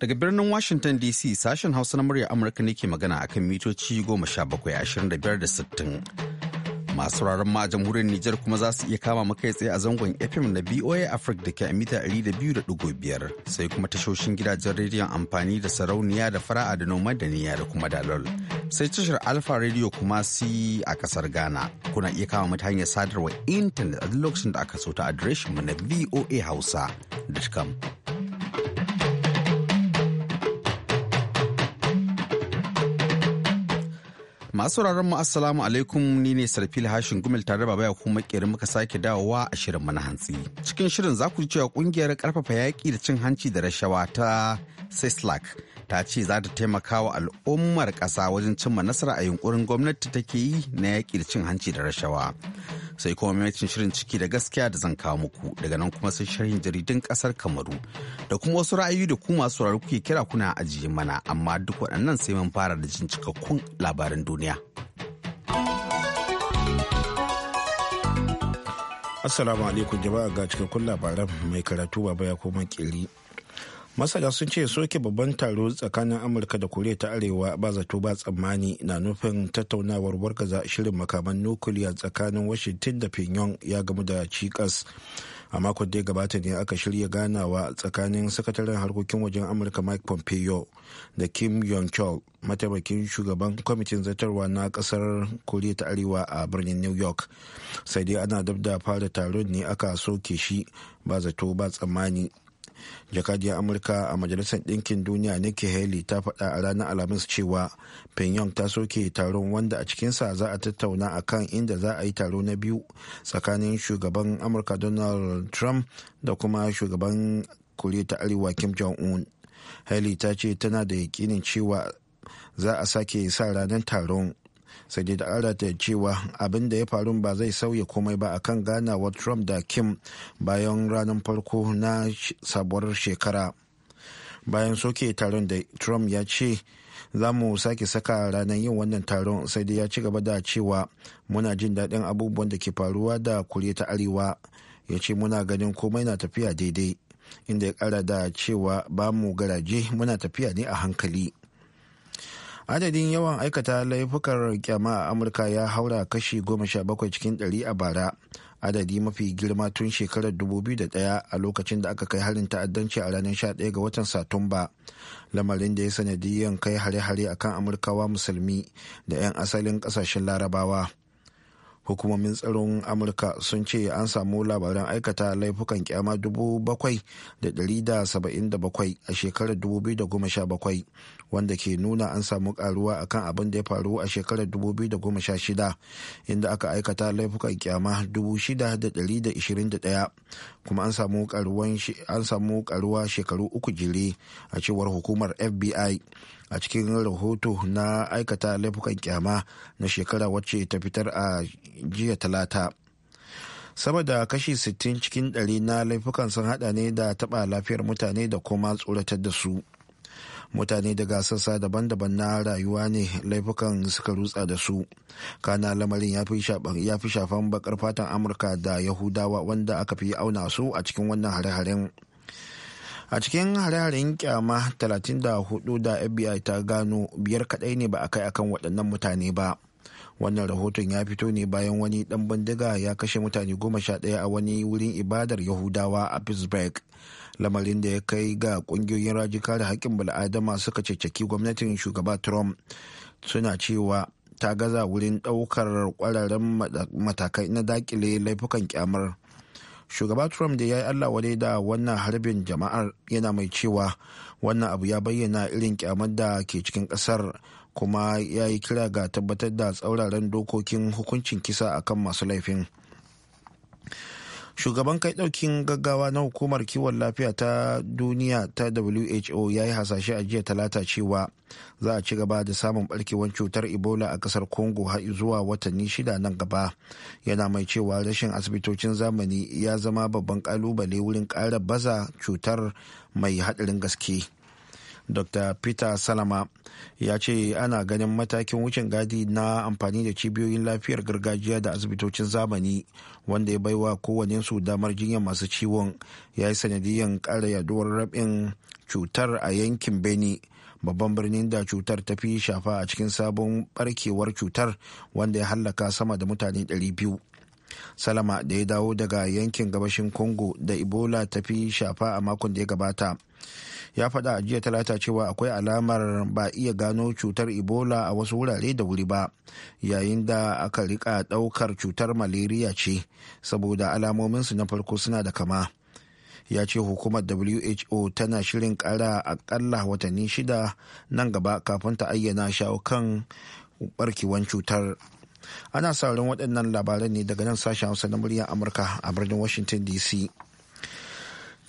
Daga birnin Washington DC sashen Hausa na murya Amurka ne ke magana akan mitoci ashirin da sittin Masu raron ma a jamhuriyar Nijar kuma za su iya kama makai tsaye a zangon FM na BOA Africa da ke a mita da biyar sai kuma tashoshin gidajen rediyon amfani da sarauniya da fara'a da noma da niyya da kuma dalol. Sai tashar alpha Radio kuma si a kasar Ghana. Kuna iya kama mata hanyar sadarwar intanet a duk lokacin da aka so ta adireshin mu na Hausa.com. Masu sauraron mu assalamu alaikum ni ne Sarfil Hashin Gumel tare da ya kuma makeri muka sake dawowa a shirin mana hantsi. Cikin shirin za ku ji cewa kungiyar karfafa yaƙi da cin hanci da rashawa ta Sislak ta ce za ta taimaka wa al'ummar ƙasa wajen cimma nasara a yunkurin gwamnati take yi na yaƙi da cin hanci da rashawa sai kuma mamacin shirin ciki da gaskiya da zan kawo muku daga nan kuma sai shirin jaridun ƙasar kamaru da kuma wasu ra'ayoyi da kuma masu sauraro kuke kira kuna ajiye mana amma duk waɗannan sai mun fara da jin cikakkun labaran duniya. Assalamu alaikum jama'a ga cikakkun labaran mai karatu baba ya koma kiri. masana sun ce soke babban taro tsakanin amurka da koriya ta arewa ba zato ba tsammani na nufin tattaunawar wargaza shirin makaman nukiliya tsakanin washington da pinyon ya gamu da cikas a makon da ya gabata ne aka shirya ganawa tsakanin sakataren harkokin wajen amurka mike pompeo da kim yong chol mataimakin shugaban kwamitin zartarwa na kasar koriya ta arewa a birnin new york sai dai ana dab fara taron ne aka soke shi ba zato ba tsammani jakadiyar amurka a majalisar ɗinkin duniya nikki haley ta faɗa a ranar alhamis cewa pyongyang ta soke taron wanda a cikinsa za a tattauna a kan inda za a yi taro na biyu tsakanin shugaban amurka donald trump da kuma shugaban koriya ta arewa kim jong-un haley ta ce tana da yakinin cewa za a sake sa ranar taron sai dai da arata cewa abin da ya faru ba zai sauya komai ba akan ganawar trump da kim bayan ranar farko na sabuwar shekara bayan soke taron da trump ya ce za mu sake saka ranar yin wannan taron sai dai ya ci gaba da cewa muna jin daɗin abubuwan da ke faruwa da kure ta arewa ya ce muna ganin komai na tafiya daidai inda ya kara da cewa ba mu garaje muna tafiya ne a hankali adadin yawan aikata laifukan kyama a amurka ya haura kashi 17 cikin 100 a bara adadi mafi girma tun shekarar 2001 a lokacin da aka kai harin ta'addanci a ranar 11 ga watan satumba lamarin da ya sanadiyyar kai hare-hare akan amurkawa musulmi da 'yan asalin kasashen larabawa hukumomin tsaron amurka sun ce an samu labaran aikata laifukan kyama 777 a shekarar 2017 wanda ke nuna an samu karuwa akan abin da ya faru a shekarar 2016 inda aka aikata laifukan kyama 6,621 kuma an samu karuwa shekaru uku jere a cewar hukumar fbi a cikin rahoto na aikata laifukan kyama na shekara wacce ta fitar a jiya talata sama da kashi 60 cikin ɗari na laifukan sun hada ne da taba lafiyar mutane da kuma tsoratar da su mutane daga sassa daban-daban na rayuwa ne laifukan suka rutsa da su kana lamarin ya fi shafan bakar fatan amurka da yahudawa wanda aka fi auna su a cikin wannan hare-haren a cikin hare-haren kyama 34 da fbi ta gano biyar kadai ne ba a kai akan waɗannan mutane ba wannan rahoton ya fito ne bayan wani ɗan bindiga ya kashe mutane goma sha ɗaya a wani wurin ibadar yahudawa a pittsburgh lamarin da ya kai ga ƙungiyoyin rajika da haƙƙin bala'adama suka ceceki gwamnatin shugaba trump suna cewa ta gaza wurin ɗaukar ƙwararren matakai na dakile laifukan kyamar shugaba trump da ya yi allah wadai da wannan harbin jama'ar yana mai cewa wannan abu ya bayyana irin kyamar da ke cikin kasar kuma ya yi kira ga tabbatar da tsauraran dokokin hukuncin kisa akan masu laifin shugaban kai daukin gaggawa na hukumar kiwon lafiya ta duniya ta who ya yi hasashe a jiya talata cewa za a ci gaba da samun barkewar cutar ebola a kasar congo har zuwa watanni shida nan gaba yana mai cewa rashin asibitocin zamani ya zama babban kalubale wurin kara baza cutar mai haɗarin gaske. dr peter salama ya ce ana ganin matakin wucin gadi na amfani da cibiyoyin lafiyar gargajiya da asibitocin zamani wanda ya baiwa su damar jinya masu ciwon ya yi sanadiyyar kara yaduwar rabin cutar a yankin beni babban birnin da cutar ta fi shafa a cikin sabon barkewar cutar wanda ya hallaka sama da mutane 200 salama da ya dawo daga yankin gabashin congo da ebola ta fi shafa a makon da ya gabata ya faɗa a jiya talata cewa akwai alamar ba iya gano cutar ebola a wasu wurare da wuri ba yayin da aka rika ɗaukar cutar malaria ce saboda alamominsu na farko suna da kama ya ce hukumar who tana shirin kara akalla watanni shida nan gaba kafin ta ayyana shawo kan barkewan cutar ana sauran waɗannan labaran ne daga nan sashen hausa na muryar amurka a birnin washington dc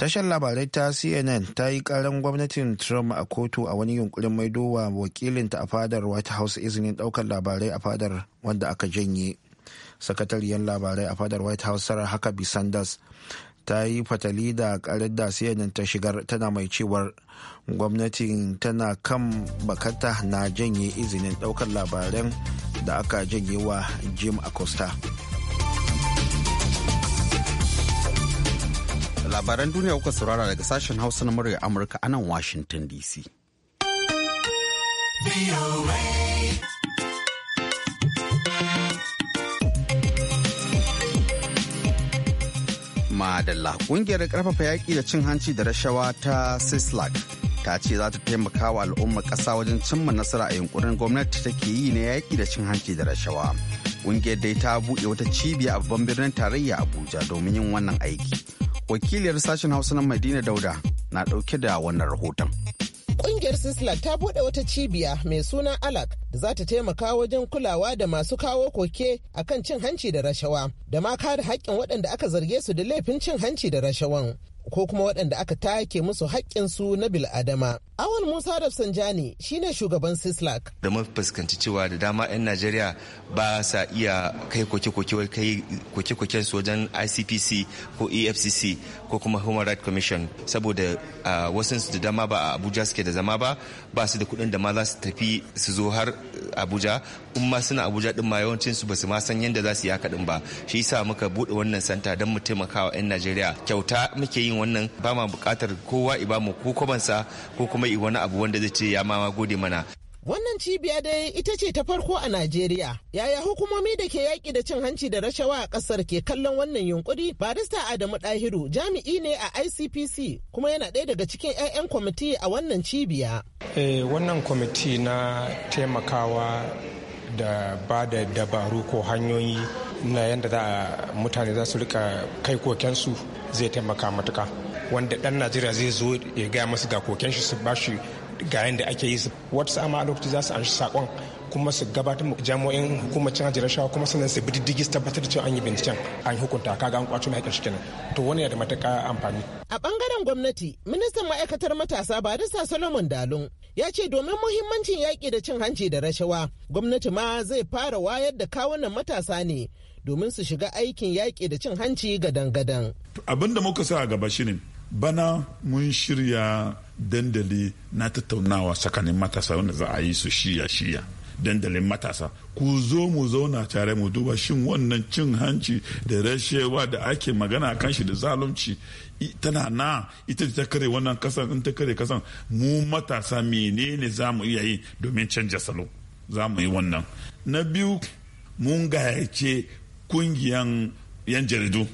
tashar labarai ta cnn ta yi karan gwamnatin trump a kotu a wani yunkurin maido wa wakilinta a fadar white house izinin daukar labarai a fadar wanda aka janye sakatariyar labarai a fadar white house sarah huckabee sanders ta yi fatali da karar da cnn ta shigar tana mai cewar gwamnatin tana kan bakata na janye izinin daukar labaran da aka janye wa jim acosta. labaran duniya kuka saurara daga sashen hausa na murya amurka a nan washington dc madalla kungiyar karfafa yaƙi da cin hanci da rashawa ta sislak ta ce za ta taimaka wa al'ummar ƙasa wajen cimma nasara a yunkurin gwamnati take yi na yaƙi da cin hanci da rashawa kungiyar dai ta buɗe wata cibiya a babban birnin tarayya abuja domin yin wannan aiki wakiliyar sashen hausa na madina dauda na dauke da wannan rahoton Ƙungiyar Sisla ta buɗe wata cibiya mai suna Alak da za ta taimaka wajen kulawa da masu kawo koke a kan cin hanci da rashawa da ma kare haƙƙin waɗanda aka zarge su da laifin cin hanci da rashawan ko kuma waɗanda aka take musu haƙƙinsu na bil'adama. Awal Musa Rafsanjani shine shugaban Sislak. Da mun fuskanci cewa da dama 'yan Najeriya ba sa iya kai koke koke-koke su wajen ICPC ko EFCC ko kuma Human Rights Commission saboda wasu su da dama ba a Abuja suke da zama ba ba su da kuɗin da ma za su tafi su zo har Abuja in ma suna Abuja din ma yawancin su ba su ma san yadda za su yi kaɗin din ba shi yasa muka buɗe wannan santa don mu taimakawa 'yan Najeriya kyauta muke yin wannan ba ma buƙatar kowa iba mu ko kwabansa ko kuma wani abu wanda zai ce ya ma gode mana Wannan cibiya dai ita ce ta farko a Najeriya. Yaya hukumomi da ke yaƙi da cin hanci da rashawa a ƙasar ke kallon wannan yunkuri? Barista Adamu Ɗahiru jami'i ne a ICPC kuma yana ɗaya daga cikin 'ya'yan kwamiti a wannan cibiya. Eh, wannan kwamiti na taimakawa da ba da dabaru ko hanyoyi na yadda mutane za su rika kai kokensu zai taimaka matuka. wanda dan najeriya zai zo ya gaya masu ga koken shi su ba shi ga yadda ake yi wata sama a lokaci za su shi sakon kuma su gabatar da jami'o'in hukumar cin shawa rashawa kuma sannan su bi diddigi su tabbatar da cewa an yi binciken an yi hukunta kaga an kwato mai haƙƙin shi kenan to wani yana da matuƙa amfani a bangaren gwamnati ministan ma'aikatar matasa barista solomon dalun ya ce domin muhimmancin yaƙi da cin hanci da rashawa gwamnati ma zai fara wayar da kawunan matasa ne domin su shiga aikin yaƙi da cin hanci ga dangadan. abin da muka sa a gaba shine bana mun shirya dandali na tattaunawa tsakanin matasa wanda za a yi su shiya shiya dandalin matasa ku zo mu zauna tare mu duba shin wannan cin hanci da rashewa da ake magana kan shi da zalunci tana na ita ta kare wannan kasan in ta kare kasan mu matasa menene za mu iya yi domin canja salo za mu yi wannan na biyu mun gayace kungiyan yan jaridu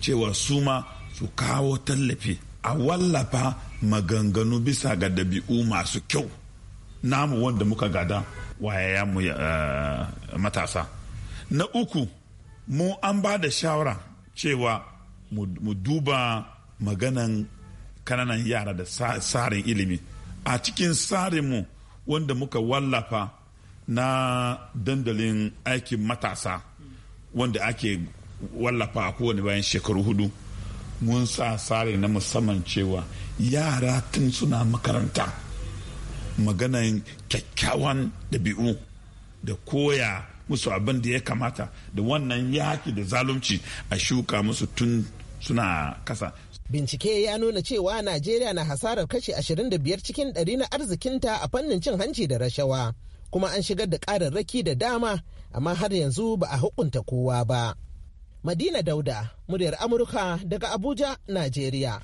cewa su ma su kawo tallafi a wallafa maganganu bisa ga dabi'u masu kyau namu wanda muka gada wayaya mu eh, matasa na uku mu an ba da shawara cewa mu duba maganan kananan yara da tsarin ilimi a cikin mu wanda muka wallafa na dandalin aikin matasa wanda ake wallafa a kowane bayan shekaru hudu mun sa sare na musamman cewa yara tun suna makaranta maganan kyakkyawan dabi'u da koya musu abin da ya kamata da wannan yaki da zalunci a shuka musu tun suna kasa Bincike ya nuna cewa Najeriya na hasarar kashi 25 cikin 100 na arzikinta a fannin cin hanci da rashawa, kuma an shigar da ƙararraki da dama, amma har yanzu ba a hukunta kowa ba. Madina Dauda, muryar Amurka daga Abuja, Najeriya.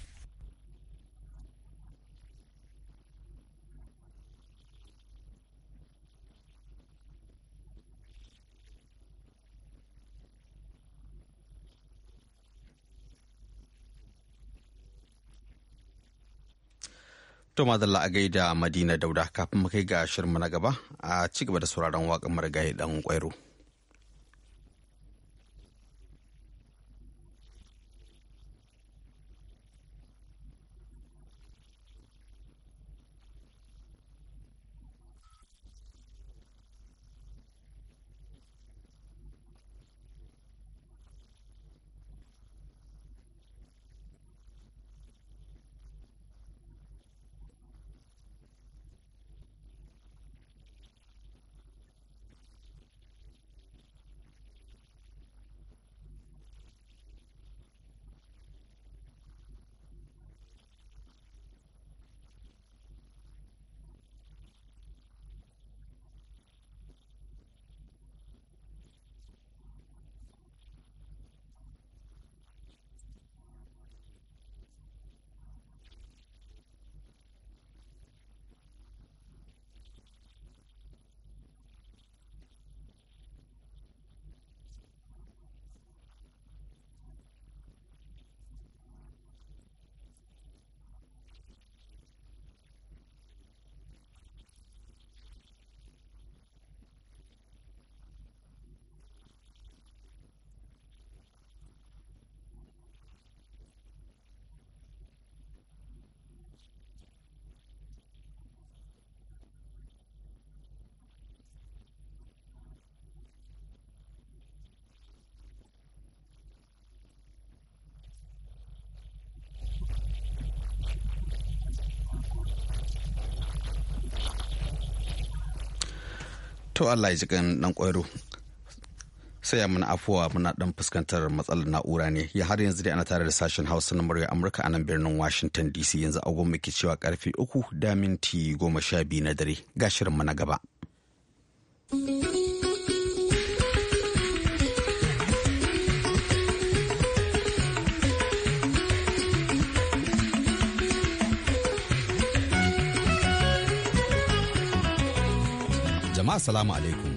Toma a gaida Madina Dauda kafin mu kai ga shirinmu na gaba a ci gaba da sauraron waƙar marigayi ɗan ƙwairo to allah ya jikin dan kwairo sai ya muna afuwa muna dan fuskantar matsalar na'ura ne ya har yanzu dai ana tare da sashen hausa na murya amurka a nan birnin washington dc yanzu agon muke cewa karfe uku da minti goma sha biyu na dare ga mana na gaba. Assalamu alaikum.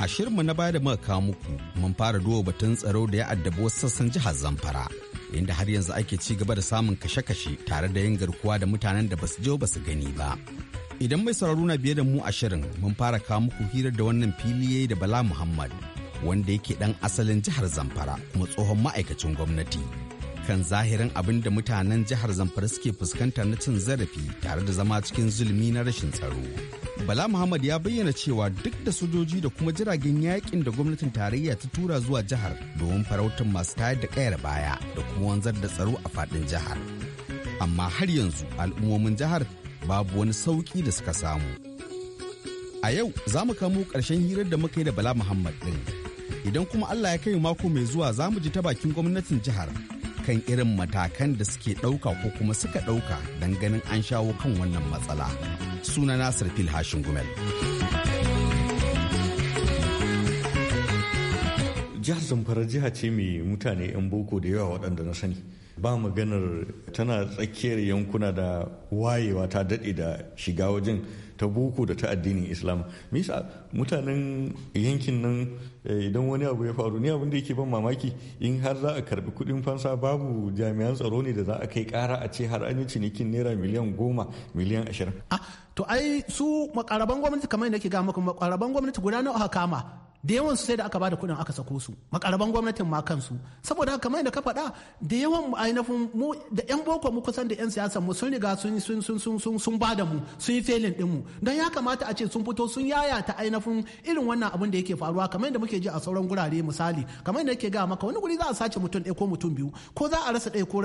A shirinmu na baya da muka kawo muku mun fara duba batun tsaro da ya addabi wasu sassan jihar Zamfara. Inda har yanzu ake ci gaba da samun kashe-kashe tare da yin garkuwa da mutanen da basu je ba su gani ba. Idan mai sauraro na biye da mu a shirin mun fara kawo muku hirar da wannan fili da Bala Muhammad wanda yake dan asalin jihar Zamfara kuma tsohon ma'aikacin gwamnati. kan zahirin abin da mutanen jihar zamfara suke fuskanta na cin zarafi tare da zama cikin zulmi na rashin tsaro bala muhammad ya bayyana cewa duk da sojoji da kuma jiragen yakin da gwamnatin tarayya ta tura zuwa jihar domin farautar masu tayar da kayar baya da kuma wanzar da tsaro a fadin jihar amma har yanzu al'ummomin jihar babu wani sauƙi da suka samu a yau za mu kamo ƙarshen hirar da muka yi da bala muhammad ɗin idan kuma allah ya kai mako mai zuwa za mu ji ta bakin gwamnatin jihar Kan irin matakan da suke ɗauka ko kuma suka ɗauka don ganin an shawo kan wannan matsala. Suna Nasir Fil Gumel. Jihar Zamfara jiha ce mai mutane 'yan boko da yawa waɗanda na sani. Ba maganar tana tsakiyar yankuna da wayewa ta daɗe da shiga wajen ta boko da ta addinin islam misa mutanen yankin nan eh, idan wani abu ya faru ni abin da yake ban mamaki in har za a karbi kudin fansa babu jami'an tsaro ne da za a kai kara a ce har an yi cinikin naira miliyan goma miliyan ashirin. Ah, to ai su makaraban gwamnati kamar yadda ke ga muku makaraban gwamnati guda nawa aka kama da yawan sai da aka bada kuɗin aka sako su makaraban gwamnatin ma kansu saboda haka kamar da ka faɗa da yawan ainihin mu da yan boko mu kusan da yan siyasa mu sun riga sun sun sun sun sun sun bada mu sun yi felin din mu don ya kamata a ce sun fito sun yaya ta ainihin irin wannan abin da yake faruwa kamar da muke ji a sauran gurare misali kamar da yake ga maka wani guri za a sace mutum ɗaya ko mutum biyu ko za a rasa ɗaya ko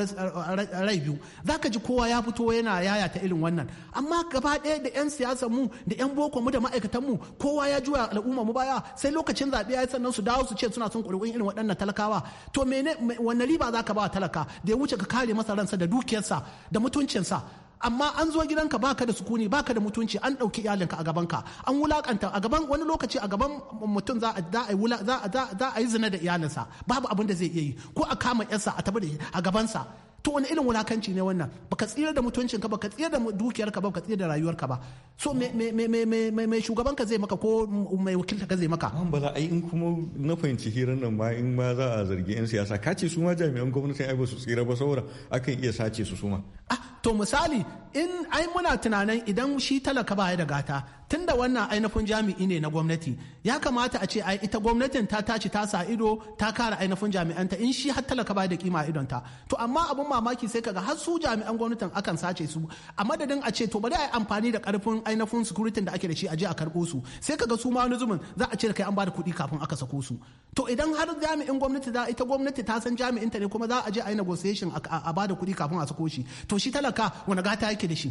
rai biyu za ka ji kowa ya fito yana yaya ta irin wannan amma gaba ɗaya da yan siyasa mu da yan boko mu da ma'aikatan mu kowa ya juya al'umma mu baya sai lokacin lokacin zaɓe ya yi sannan su dawo su ce suna son ƙuri'un irin waɗannan talakawa to mene wanne riba za ka ba talaka da ya wuce ka kare masa ransa da dukiyarsa da mutuncinsa amma an zo gidanka baka da sukuni baka da mutunci an ɗauki iyalinka a gabanka an wulakanta a gaban wani lokaci a gaban mutum za a yi zina da iyalinsa babu abin da zai iya yi ko a kama yarsa a tabbata a gabansa to wani irin wulakanci ne wannan baka tsira da mutuncinka baka tsira da dukiyarka ba baka tsira da rayuwarka ba so me shugaban ka zai maka ko mai wakilta ka zai maka an bala ai in kuma na fahimci hirar nan ma in ma za a zargi yan siyasa ka ce su ma jami'an gwamnati ai ba su tsira ba saboda akan iya sace su su ma ah to misali in ai muna tunanin idan shi talaka ba ya da gata tunda wannan ainihin jami'i ne na gwamnati ya kamata a ce ai ita gwamnatin ta tashi ta sa ido ta kara ainihin jami'anta in shi har talaka ba da kima idonta to amma abun mamaki sai kaga har su jami'an gwamnatin akan sace su a madadin a ce to bari a yi amfani da karfin ainihin security da ake da shi a je a karɓo su sai kaga su ma wani za a ce kai an bada kuɗi kafin aka sako su to idan har jami'in gwamnati za ita gwamnati ta san jami'in ta ne kuma za a je a yi negotiation a bada kuɗi kafin a sako shi to shi talaka wani gata yake da shi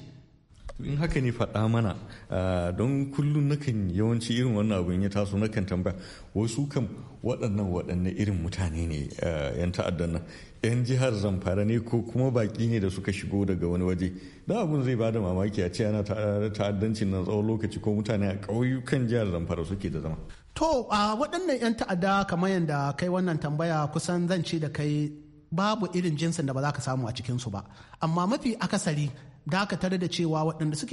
in haka ne faɗa mana don kullum nakan yawanci irin wannan abin ya taso nakan tambaya wasu kam waɗannan waɗanne irin mutane ne 'yan ta'addan nan 'yan jihar zamfara ne ko kuma baƙi ne da suka shigo daga wani waje da abun zai bada mamaki a ce ana ta'addancin nan tsawon lokaci ko mutane a ƙauyukan jihar zamfara suke da zama to a waɗannan 'yan ta'adda kamar yadda kai wannan tambaya kusan zan ce da kai babu irin jinsin da ba za ka samu a cikinsu ba amma mafi akasari dakatar da cewa waɗanda suke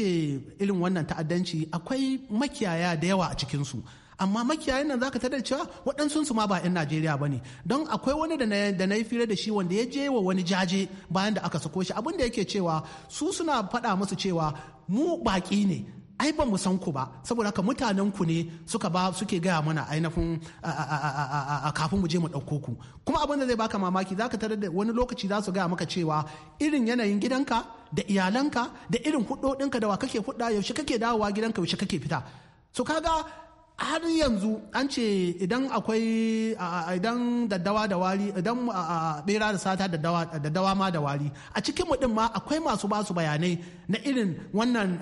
irin wannan ta'addanci akwai makiyaya da yawa a cikinsu amma makiyayan nan zaka tare da cewa waɗansu su ma ba 'yan Najeriya ba ne don akwai wani da na yi fira da shi wanda ya je wa wani jaje bayan da aka sako shi abin da yake cewa su suna faɗa musu cewa mu baƙi ne ai ba mu san ku ba saboda haka mutanen ku ne suka ba suke gaya mana ainihin kafin mu je mu ɗauko ku kuma abin da zai baka mamaki za ka tarar da wani lokaci za su gaya maka cewa irin yanayin gidanka da iyalanka da irin hudodinka da wa kake hudda yaushe kake dawowa gidanka yaushe kake fita so kaga har yanzu an ce idan akwai idan daddawa da wari idan bera da sata daddawa ma da wari a cikin din ma akwai masu basu bayanai na irin wannan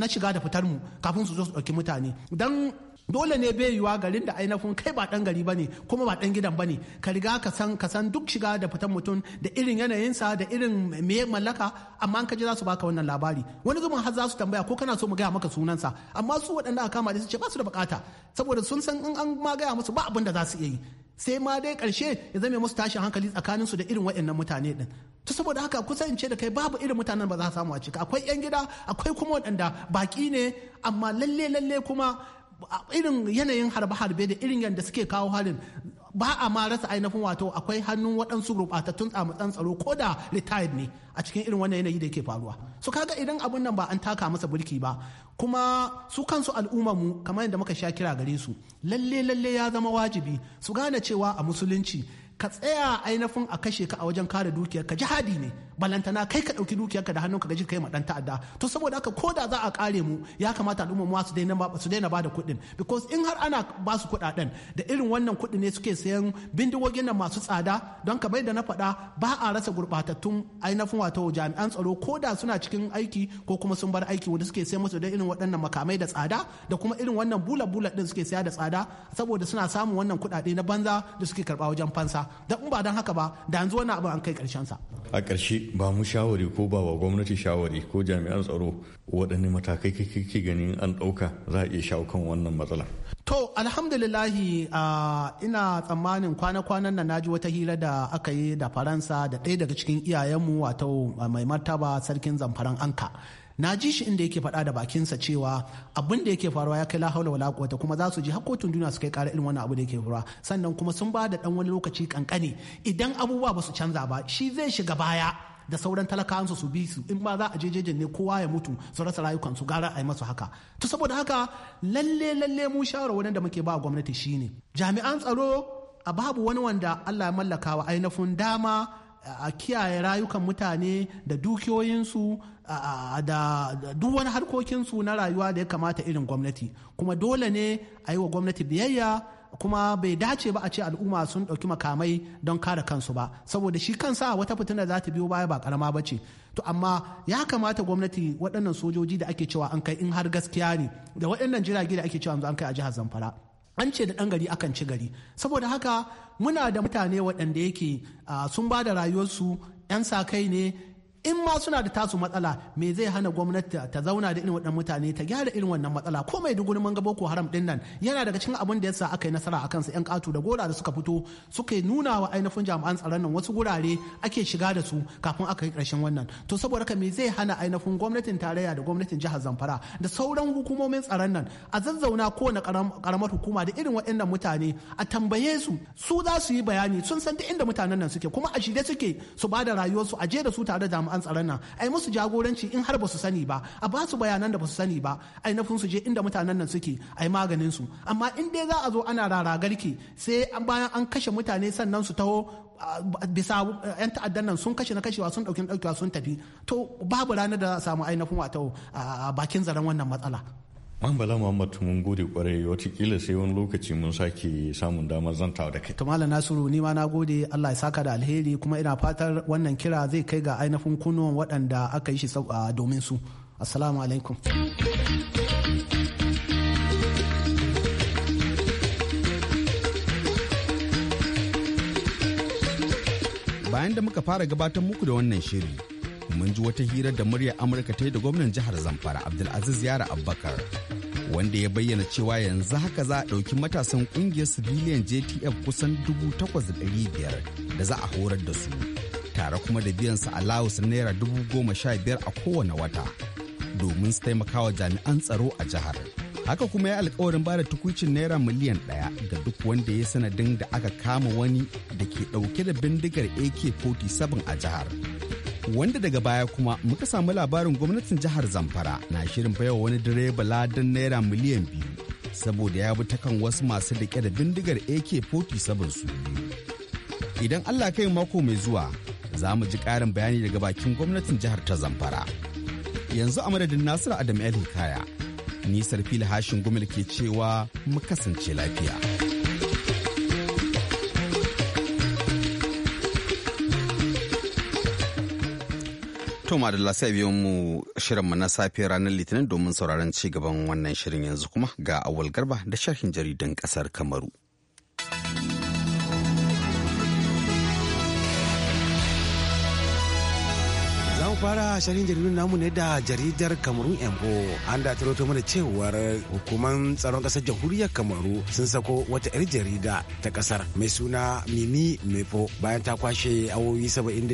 na shiga da fitar mu kafin su zo su ɗauki mutane don dole ne bai yiwa garin da ainihin kai ba dan gari bane kuma ba dan gidan bane ka riga ka san ka san duk shiga da fitan mutum da irin yanayinsa da irin me mallaka amma an ka za su baka wannan labari wani zuman har za su tambaya ko kana so mu gaya maka sunansa amma su waɗanda aka kama da su ce ba su da bukata saboda sun san in an ma gaya musu ba abin da za su iya yi sai ma dai karshe ya zame musu tashin hankali tsakanin su da irin waɗannan mutane din to saboda haka kusan ce da kai babu irin mutanen ba za samu a cika akwai yan gida akwai kuma waɗanda baki ne amma lalle lalle kuma irin yanayin harbe-harbe da irin yadda suke kawo harin ba a ma rasa ainihin wato akwai hannun waɗansu gurɓatattun tsamutsan tsaro ko da retired ne a cikin irin wannan yanayi da yake faruwa su kaga idan abun nan ba an taka masa burki ba kuma su kansu al'ummar mu kamar yadda muka sha kira gare su lalle lalle ya zama wajibi su gane cewa a musulunci ka tsaya ainihin a kashe ka a wajen kare dukiyar ka jihadi ne balantana kai ka dauki dukiyar ka da hannunka gaji kai ma dan ta'adda to saboda haka ko da za a kare mu ya kamata al'umma mu su daina ba su daina bada kuɗin because in har ana ba su kuɗaɗen da irin wannan kuɗi ne suke sayan bindigogin nan masu tsada don kamar da na faɗa ba a rasa gurɓatattun ainihin wato jami'an tsaro ko da suna cikin aiki ko kuma sun bar aiki wanda suke sayan musu da irin waɗannan makamai da tsada da kuma irin wannan bula bula din suke saya da tsada saboda suna samun wannan kuɗaɗe na banza da suke karɓa wajen fansa da in ba don haka ba da yanzu wani abin an kai karshen sa a karshe ba mu shawari ko ba wa gwamnati shawari ko jami'an tsaro waɗanne matakai kake ganin an ɗauka za a iya shawo kan wannan matsala to alhamdulillahi ina tsammanin kwana-kwanan nan naji wata hira da aka yi da faransa da ɗaya daga cikin iyayenmu wato mai martaba sarkin zamfaran anka na ji shi inda yake faɗa da bakinsa cewa abin da yake faruwa ya kai la haula wala quwwata kuma za su ji hakkokin duniya su kai ƙara irin wannan abu da yake faruwa sannan kuma sun ba da dan wani lokaci kankane idan abubuwa ba su canza ba shi zai shiga baya da sauran talakawansu su bi su in ba za a je ne kowa ya mutu su rasa rayukansu gara a yi masu haka to saboda haka lalle lalle mu wannan da muke ba gwamnati shine jami'an tsaro a babu wani wanda Allah ya mallaka wa ainihin dama a kiyaye rayukan mutane da dukiyoyinsu da duk wani harkokinsu na rayuwa da ya kamata irin gwamnati kuma dole ne a yi wa gwamnati biyayya kuma bai dace ba a ce al'umma sun ɗauki makamai don kare kansu ba saboda shi kansa wata fitina za ta biyo baya ba karama ba ce to amma ya kamata gwamnati waɗannan sojoji da ake cewa an kai in har gaskiya ne da waɗannan jirage da ake cewa an kai a jihar zamfara an ce da ɗan gari akan ci gari saboda haka muna da mutane waɗanda yake ah, sun ba da rayuwarsu 'yan sa kai ne in ma suna da tasu matsala me zai hana gwamnati ta zauna da irin waɗannan mutane ta gyara irin wannan matsala ko mai dugun mun ga boko haram din nan yana daga cikin abin da yasa aka yi nasara akan su yan katu da gora da suka fito suka nuna wa ainihin jami'an tsaron nan wasu gurare ake shiga da su kafin aka yi ƙarshen wannan to saboda haka me zai hana ainihin gwamnatin tarayya da gwamnatin jihar Zamfara da sauran hukumomin tsaron nan a zazzauna ko na karamar hukuma da irin waɗannan mutane a tambaye su su za su yi bayani sun san duk inda mutanen nan suke kuma a shirye suke su bada da rayuwarsu a je da su tare da an tsaron nan ai musu jagoranci in har ba su sani ba a ba su bayanan da ba su sani ba ai nafin su je inda mutanen nan suke ai maganin su amma in dai za a zo ana raragarki sai bayan an kashe mutane sannan su taho bisa eh, yan ta'addan nan sun kashe na kashewa sun dauki daukewa sun tafi to babu ranar da za a samu ainihin wato bakin zaren wannan matsala Mambala Muhammad mun gode kwarai watakila sai wani lokaci mun sake samun damar zantawa da kai. Tumala Nasiru ni ma na gode Allah ya saka da alheri kuma ina fatar wannan kira zai kai ga ainihin kunuwan waɗanda aka yi shi ah, domin su. Assalamu alaikum. Bayan da muka fara gabatar muku da wannan shiri. mun ji wata hira da muryar amurka ta yi da gwamnan jihar zamfara abdulaziz yara abubakar wanda ya bayyana cewa yanzu haka za a ɗauki matasan ƙungiyar civilian jtf kusan 8,500 da za a horar da su tare kuma da biyan su allowance naira dubu goma sha biyar a kowane wata domin su taimakawa jami'an tsaro a jihar haka kuma ya alkawarin ba da tukucin naira miliyan ɗaya ga duk wanda ya sanadin da aka kama wani da ke ɗauke da bindigar ak-47 a jihar wanda daga baya kuma muka samu labarin gwamnatin jihar zamfara na shirin baiwa wani direba ladan naira miliyan biyu saboda ya bi ta kan wasu masu rike da bindigar ak-47 su idan allah kai mako mai zuwa za mu ji ƙarin bayani daga bakin gwamnatin jihar ta zamfara yanzu a madadin nasiru adam el hikaya nisar fili hashin gumil ke cewa mu kasance lafiya. To madalla sai biyo mu shirinmu na safe ranar litinin domin sauraron ci gaban wannan shirin yanzu kuma ga awal garba da sharhin jaridan kasar Kamaru. fara shirin jaridun namu ne da jaridar kamaru Embo. An da ta mana cewar hukuman tsaron kasar jamhuriyar Kamaru sun sako wata 'yar jarida ta kasar mai suna Mimi Mepo bayan ta kwashe awowi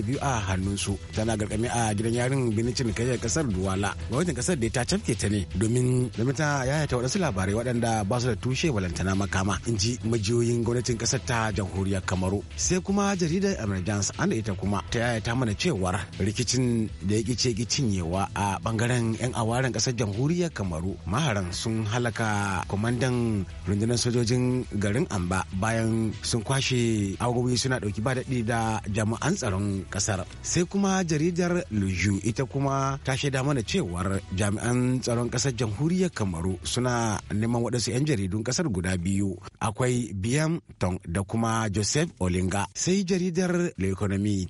biyu a hannunsu. Tana garkami a gidan yarin binicin kayyar kasar Duwala. Gwamnatin kasar da ta cafke ta ne domin domin ta yayata waɗansu labarai waɗanda ba su da tushe walantana makama in ji majiyoyin gwamnatin kasar ta jamhuriyar Kamaru. Sai kuma jaridar Emergence an da ita kuma ta yayata mana cewar rikicin da ya ce ki cinyewa a bangaren 'yan awaren kasar jamhuriyar kamaru maharan sun halaka kwamandan rundunar sojojin garin amba bayan sun kwashe agogi suna dauki ba daɗi da jami'an tsaron kasar sai kuma jaridar luju ita kuma ta shaida mana cewar jami'an tsaron kasar jamhuriyar kamaru suna neman waɗansu 'yan jaridun kasar guda biyu akwai biam tong da kuma joseph olinga sai jaridar le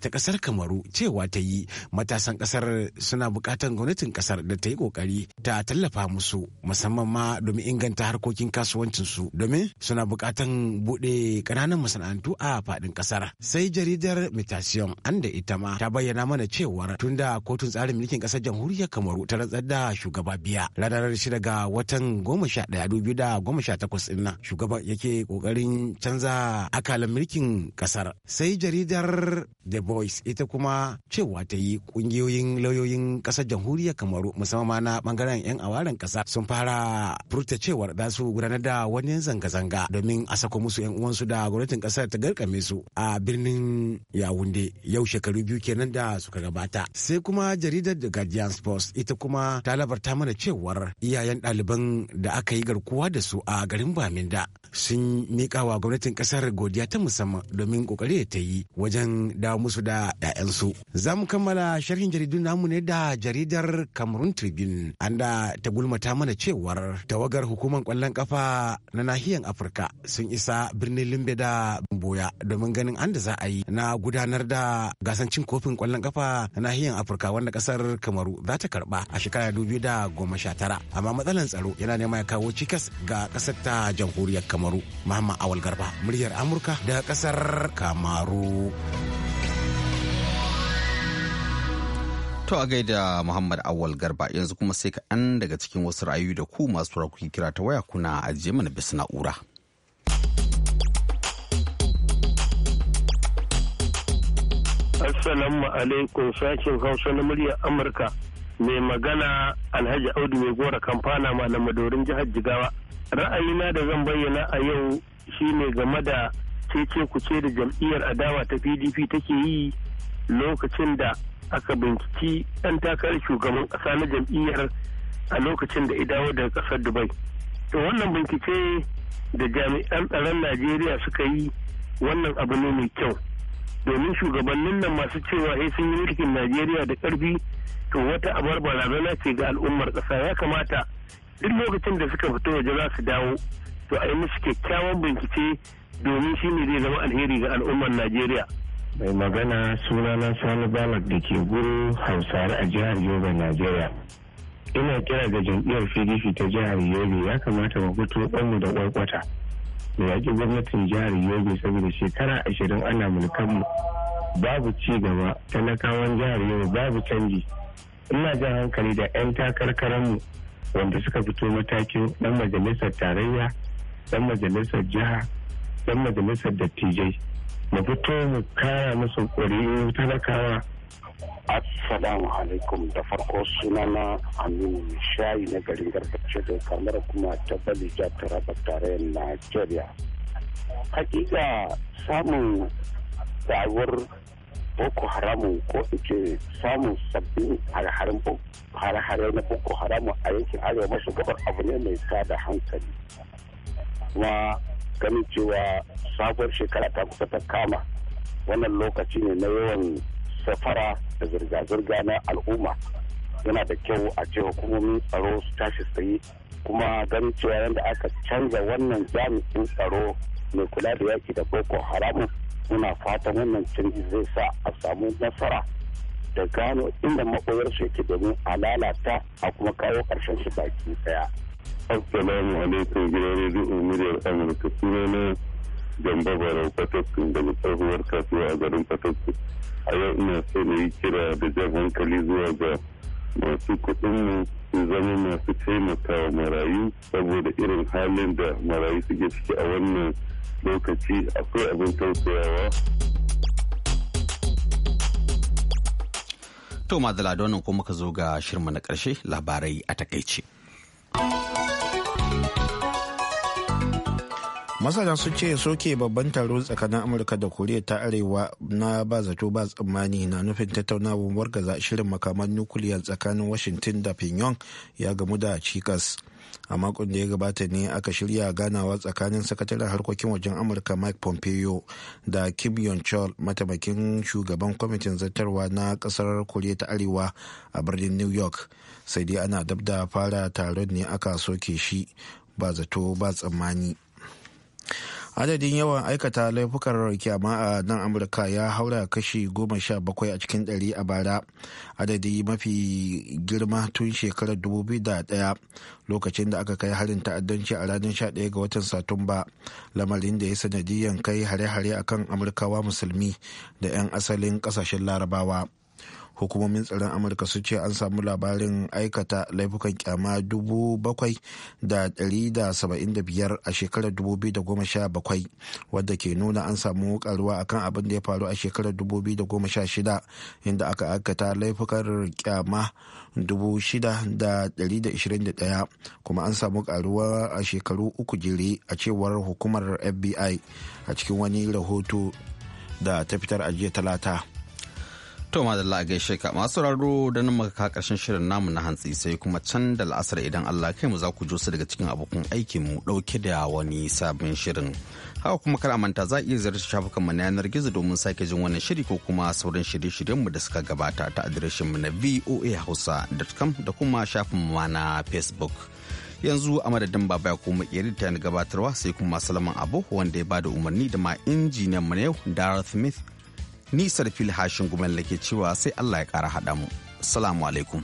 ta kasar kamaru cewa ta yi matasa matasan kasar suna bukatan gwamnatin kasar da ta yi kokari ta tallafa musu musamman ma domin inganta harkokin kasuwancinsu domin suna bukatan bude kananan masana'antu a faɗin kasar sai jaridar mutation an da ita ma ta bayyana mana cewar tunda kotun tsarin mulkin kasar jamhuriyar kamaru ta rantsar da shugaba biya ranar shida ga watan goma sha daya dubu da goma sha takwas ɗin nan shugaban yake kokarin canza akalan mulkin kasar sai jaridar the voice ita kuma cewa ta yi ƙungiyar kungiyoyin lauyoyin kasar jamhuriyar kamaru musamman na bangaren yan awaren ƙasa sun fara furta cewar za su gudanar da wani zanga-zanga domin a sako musu yan uwansu da gwamnatin kasar ta garkame su a birnin yawunde yau shekaru biyu kenan da suka gabata sai kuma jaridar the guardian sports ita kuma ta labarta mana cewar iyayen ɗaliban da aka yi garkuwa da su a garin baminda sun miƙa wa gwamnatin ƙasar godiya ta musamman domin ƙoƙari ta yi wajen dawo musu da 'ya'yansu za mu kammala sharhin jaridu jaridun namu ne da jaridar Cameroon Tribune an da ta gulmata mana cewar tawagar hukumar kwallon kafa na nahiyar Afirka sun isa birnin Limbe da Boya domin ganin an da za a yi na gudanar da gasancin kofin kwallon kafa na nahiyar Afirka wanda kasar Kamaru za ta karba a shekara dubu da goma sha tara amma matsalan tsaro yana nema ya kawo cikas ga kasar ta jamhuriyar Kamaru Muhammad Awal Garba muryar Amurka da kasar Kamaru. To a gaida Muhammad Awal Garba yanzu kuma sai ka ɗan daga cikin wasu ra'ayoyi da ku masu kuke kira ta waya kuna ajiye mana bisa na'ura. Assalamu alaikum sashen Hausa na muryar Amurka mai magana Alhaji Audu mai gora kamfana malam madorin jihar Jigawa. Ra'ayina da zan bayyana a yau shine game da cece kuce da jam'iyyar adawa ta PDP take yi lokacin da aka binciki ɗan takarar shugaban ƙasa na jam'iyyar a lokacin da idawo daga ƙasar dubai to wannan bincike da jami'an tsaron najeriya suka yi wannan abu ne mai kyau domin shugabannin nan masu cewa sai eh, sun yi mulkin najeriya da ƙarfi to wata abar barazana ce ga al'ummar ƙasa ya kamata duk lokacin da suka fito waje za su dawo to a yi musu kyakkyawan bincike domin shi ne zai zama alheri ga al'ummar najeriya mai magana sunana sani balak da ke guru hausare a jihar yobe najeriya ina kira ga jam'iyyar pdp ta jihar yobe ya kamata mu fito ɗanmu da ƙwarƙwata mu yaƙi gwamnatin jihar yobe saboda shekara ashirin ana mulkanmu babu ci gaba talakawan jihar yobe babu canji ina jan hankali da 'yan takarkaranmu wanda suka fito matakin ɗan majalisar tarayya ɗan majalisar jiha ɗan majalisar dattijai mu fito mu kara musu ƙuri'u talakawa Assalamu alaikum da farko sunana Aminu Shayi na garin gargajiya da kamar kuma ta Bali ta Taraba tarayyar Najeriya. Hakika samun tsawar Boko Haramu ko ce samun sabbin hare-hare na Boko Haramu a yankin arewa maso gabar abu ne mai da hankali. ganin cewa sabuwar shekara ta kusa ta kama wannan lokaci ne na yawan safara da zirga-zirga na al'umma yana da kyau a ce hukumomin tsaro su tashi tsaye kuma ganin cewa yadda aka canza wannan jami'in tsaro mai kula da yaki da boko haramun muna fatan wannan canji zai sa a samu nasara da gano inda maɓoyarsu yake domin a lalata a kuma kawo ƙarshen shi baki daya. Assalamu alaikum gidan rediyo muryar Amurka sunana Gamba Barau fatattu daga tsohuwar kasuwa a garin fatattu A yau ina so na yi kira da jan hankali zuwa ga masu mu su zama masu taimakawa marayu saboda irin halin da marayu suke ciki a wannan lokaci akwai abin tausayawa. To madala da wannan kuma ka zo ga shirma na karshe labarai a takaice. masana sun ce soke babban taro tsakanin amurka da koriya ta arewa na ba zato ba tsammani na nufin tattaunawar wargaza shirin makaman nukiliya tsakanin washington da pinyon ya gamu da cikas a makon da ya gabata ne aka shirya ganawa tsakanin sakataren harkokin wajen amurka mike pompeo da kim yon chol mataimakin shugaban kwamitin zartarwa na kasar koriya ta arewa a birnin new york sai dai ana dab da fara taron ne aka soke shi ba zato ba tsammani adadin yawan aikata laifukan kyama a nan amurka ya haura kashi goma sha bakwai a cikin ɗari a bara adadi mafi girma tun shekarar dubu da 2001 lokacin da aka kai harin ta'addanci a ranar sha ɗaya ga watan satumba lamarin da ya sanadiyan kai hare-hare akan amurkawa musulmi da 'yan asalin ƙasashen larabawa hukumomin tsaron amurka su ce an samu labarin aikata laifukan kyama biyar a shekarar 2017 wadda ke nuna an samu karuwa akan abin da ya faru a shekarar 2016 inda aka aikata laifukan kyama 6,121 kuma an samu karuwa a shekaru uku jere a cewar hukumar fbi a cikin wani rahoto da ta fitar a jiya talata To madalla a gaishe ka masu sauraro da nan muka karshen shirin namu na hantsi sai kuma can da la'asar idan Allah kai mu za ku su daga cikin abokan aikin mu dauke da wani sabon shirin. Haka kuma kar manta za iya ziyarci shafukan mu na yanar gizo domin sake jin wannan shiri ko kuma sauran shirye-shiryen mu da suka gabata ta adireshin mu na voahausa.com da kuma shafin mu na Facebook. Yanzu a madadin baba ya koma keri ta gabatarwa sai kuma salaman abu wanda ya bada umarni da ma injiniyan mu na yau Darth Smith nisar fil hashin da ke cewa sai allah ya kara haɗa mu salamu alaikum